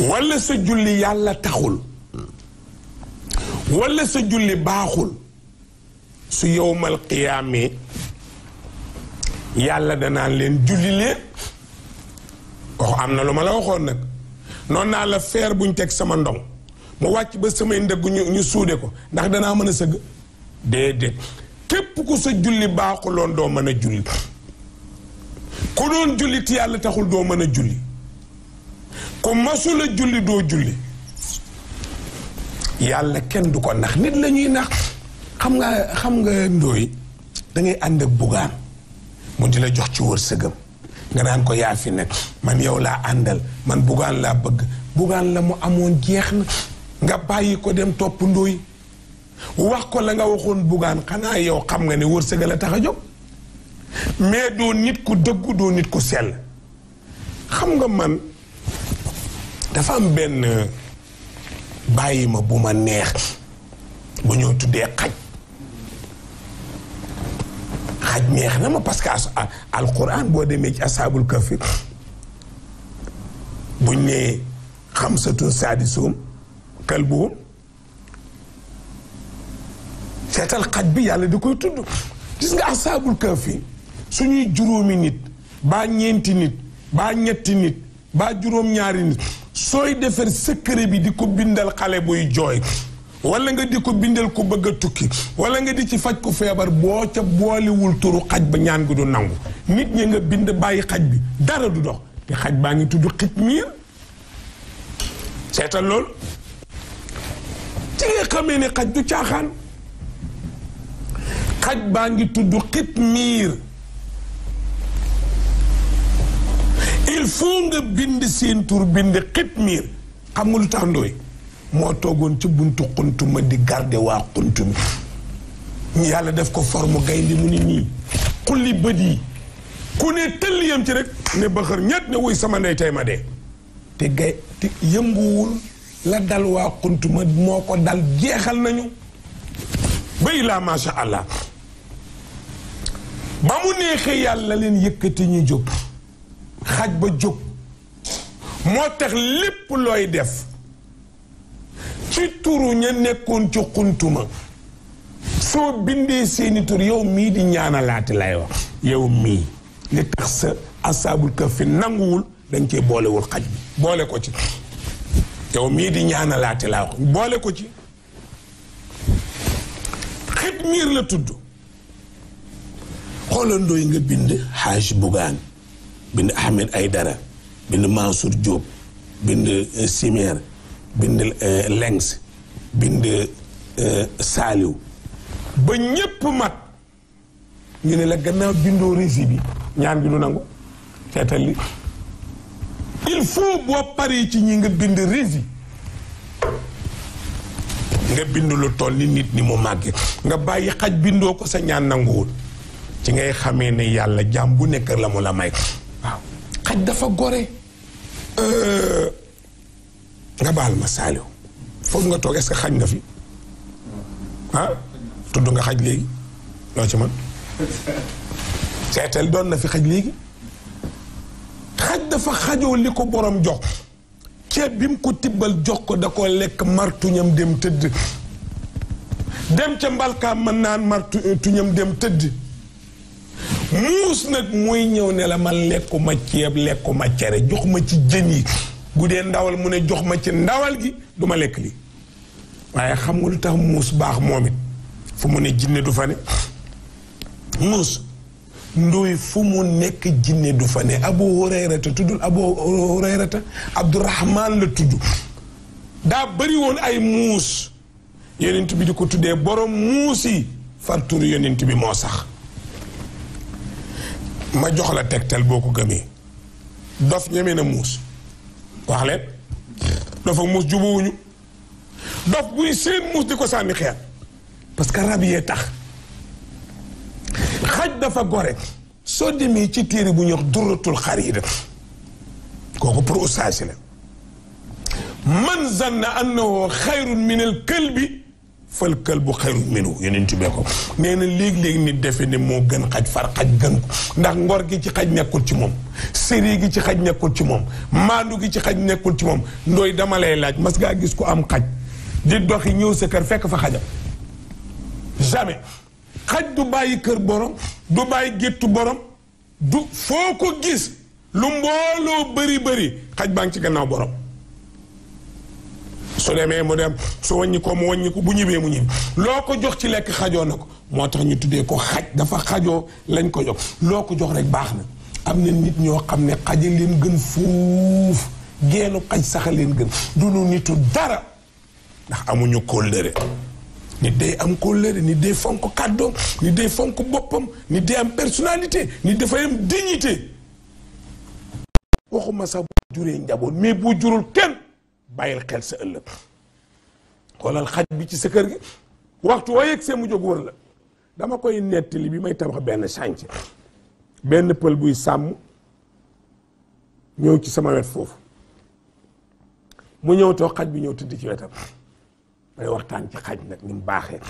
wala sa julli yàlla taxul wala sa julli baaxul su yowmal qiyaamee yàlla danaan leen julli leen wax am na lu ma la waxoon nag noon naa la feer buñ teg sama ndong mu wàcc ba samay ndëgg ñu ñu suude ko ndax danaa mën a sëgg déedéet képp ku sa julli baaxuloon doo mën a julli ku doon jullit yàlla taxul doo mën a julli ku masula julli doo julli yàlla kenn du ko nax nit la ñuy nax xam nga xam nga ndooy dangay ànd ak bugaan mu di la jox ci wërsëgam nga naan ko yaa fi nekk man yow laa àndal man bugaan laa bëgg bugaan la mu amoon jeex na nga bàyyi ko dem topp ndooy wax ko la nga waxoon bugaan xanaa yow xam nga ne wërsëga la tax a jóg mais doo nit ku dëggu doo nit ku sel xam nga man dafa am benn bàyyi ma bu ma neex bu ñoo tuddee xaj xaj neex na ma parce que alquran boo demee ci asaabul kafi buñ nee xamsatun saadisuum kalbuum seetal xaj bi yàlla di koy tudd gis nga asaabul kafi suñuy juróomi nit baa ñeenti nit baa juróom-ñaari nit sooy defar secret bi di ko bindal xale buy jooy wala nga di ko bindal ko bëgg a tukki wala nga di ci faj ko feebar boo ca boolewul turu xaj ba ñaan gi du nangu nit ñi nga bind bàyyi xaj bi dara du dox te xaj baa ngi tudd xit miir seetal loolu ci nga xamee ni xaj du caaxaan xaj baa ngi tudd xit miir il faut nga bind seen tur bind xitmiir xam nga lu tax ndooy moo toogoon ci buntu xuntuma di garde waa xuntumi yàlla def ko forme gaynde mu ni nii xulli bët yi ku ne tëll ba xër ñett ne wuy yënguwul la dal waa xuntuma moo ko dal jeexal nañu bay laa macha allah ba mu neexee yàlla leen yëkkati ñu jóg xaj ba jóg moo tax lépp looy def ci turu ña nekkoon ci xuntuma soo bindee seeni tur yow mii di ñaanalaati lay wax yow mii li tax sa asaabul ka fi nanguwul dañ cee boolewul xaj bi boole ko ci yow mii di ñaanalaati lay boole ko ci xit miir la tudd xoolandooy nga bind xaaj bugaan Ahmed Aydara bind Mansour Diop bind euh, Simer bind euh, Lengs bind euh, Saliou ba ñépp mat ñu ne la gannaaw bindoo rési bi ñaan bi du nangu seetal li il faut boo paree ci ñi nga bind rési nga bind lu toll ni nit ni mu màggee nga bàyyi xaj bindoo ko sa ñaan nanguwul ci ngay xame ne yàlla jaam bu nekk la mu la may xaj dafa gore euh, nga baal ma saaliw foog nga toog est-ce que xaj nga fi ah, tudd nga xaj léegi loo ci man seetal doon na fi xaj léegi xaj dafa xajoo li ko boroom jox ceeb bi mu ko tibbal jox ko da ko lekk martuñam dem tëdd dem ca mbalkaam mën naan martuñam dem tëdd muus nag mooy ñëw ne la man ma ceeb lekkuma cere jox ma ci jën yi bu dee ndawal mu ne jox ma ci ndawal gi du ma lekk li waaye xam nga lu tax muus baax moom it fu mu ne du fa ne muus ndoy nekk jinne du fa ne abu hurayrata tuddul abu hurayrata abdurahman la tudd daa bëri woon ay muus yonent bi di ko tuddee borom muus yi far turu yonent bi moo sax ma jox la tegtal boo ko gëmee dof ñeme na muus wax leen dafa muus jubuwuñu dof buy seen muus di ko sànni xeer parce que rab yee tax xaj dafa gore soo demee ci téere bu ñuy wax duratul xariida kooku pour oustaz la man zanna annahu xayrun min al fal kël bu xayrun minhu yeneen tubee ko nee na léegi-léegi nit defe ne moo gën xaj far xaj gën ko ndax ngor gi ci xaj nekkul ci moom série gi ci xaj nekkul ci moom maandu gi ci xaj nekkul ci moom ndooy dama lay laaj mas ngaa gis ku am xaj di yi ñëw sa kër fekk fa xajam jamais xaj du bàyyi kër borom du bàyyi géttu borom du foo ko gis lu mbooloo bëri bëri xaj baa ngi ci gannaaw borom su demee mu dem su wàññi mu wàññi bu ñibbee mu ñibbi loo ko jox ci lekk xajoo na ko moo tax ñu tuddee ko xaj dafa xajoo lañ ko jox loo ko jox rek baax na am na nit ñoo xam ne xaja leen gën fuuf geenu xaj sax leen gën du ñu nitu dara ndax amuñu kóllëre nit day am kóllëre nit day fonk kàddoom nit day fonk boppam nit day am personnalité nit dafay am dignité waxuma sax bu juree njaboot mais bu jurul kenn bàyyil xel sa ëllëg xoolal xaj bi ci sa kër gi waxtu woo yegsee mu jóg wër la dama koy nettali bi may tabax benn chantier benn pël buy sàmm ñëw ci sama wet foofu mu ñëw toog xaj bi ñëw tëdd ci wetam may waxtaan ci xaj nag ni mu baaxee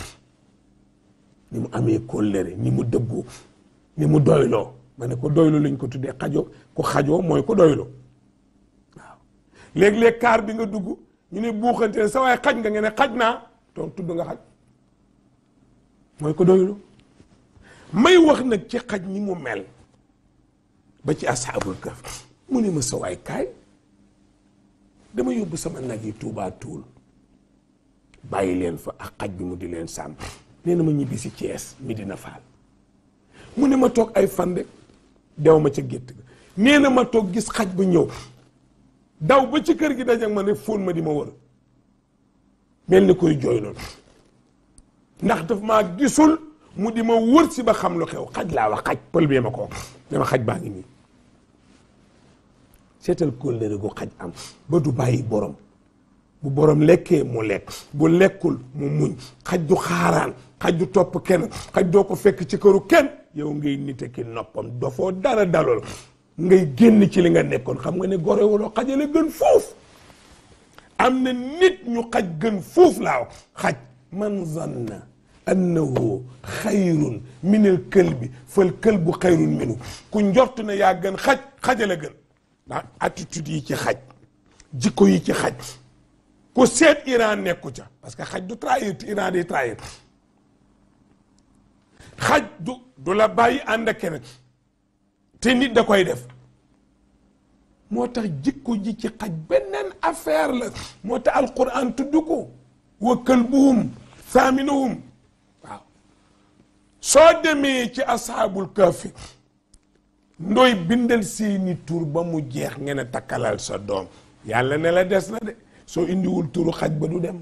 ni mu amee kóllëre ni mu dëggoo ni mu doyloo ma ne ko doyloo lañ ko tuddee xajoo ku xajoo mooy ko doyloo léeg-léeg kaar bi nga dugg ñu ne buuxante ne sa waay xaj nga nga ne xaj naa donc tudd nga xaj mooy ko doylu may wax nag ci xaj ni mu mel ba ci asxaabul kaf mu ne ma sa kaay dama yóbbu sama nag yi tuubaa tuul bàyyi leen fa ak xaj bi mu di leen sàmm nee ma ñibbisi si Thiès mi dina faal mu ne ma toog ay fande dew ma ca gétt ga nee ma toog gis xaj bu ñëw daw ba ci kër gi daje ma ne fóon ma di ma wër mel ni koy jooy ndax daf ma gisul mu di ma wër si ba xam lu xew xaj laa wax xaj pël bee ma ko ma xaj baa ngi nii seetal kóllëre gu xaj am ba du bàyyi borom bu boroom lekkee mu lekk bu lekkul mu muñ xaj du xaaraan xaj du topp kenn xaj doo ko fekk ci këru kenn yow ngay nite ki noppom dofoo dara dalol ngay génn ci li nga nekkoon xam nga ne gore wuloo xajale gën foofu am na nit ñu xaj gën foofu laaw xaj man zanna annahu xayrun min al kalbi fal kalbu minu ku njort ne yaa gën xaj xajale gën ndax attitude yi ci xaj jikko yi ci xaj ku seet Iran nekku ca parce que xaj du trahir Iran day trahir xaj du du la bàyyi ànd ak keneen te nit da koy def moo tax jikko ji ci xaj beneen affaire la moo tax alquran tudd ko wa kalbuhum saaminuhum soo demee ci ashaabul kahfi ndoy bindal seeni tur ba mu jeex ngeen a takkalal sa doom yàlla ne la des na de soo indiwul turu xaj ba du dem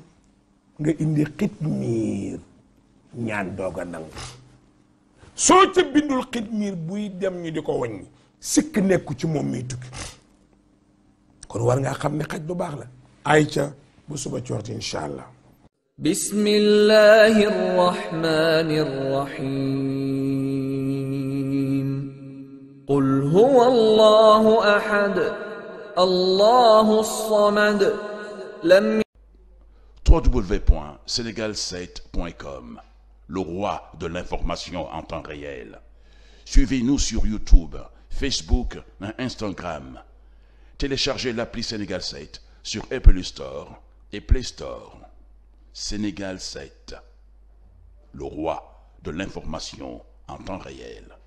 nga indi xit miir ñaan doog a nangu soo ca bindul xidmiir buy dem ñu di ko waññi sikk nekku ci moom miy tukki kon war ngaa xam ne xaj bu baax la ay ca bu suba coort incha allah bismillahi rrahmani rrahim qul huwa allahu ahad allahu samad lam www.senegal7.com le roi de l'information en temps réel. Suivez-nous sur YouTube, Facebook et Instagram. Téléchargez l'appli Sénégal 7 sur Apple Store et Play Store. Sénégal 7, le roi de l'information en temps réel.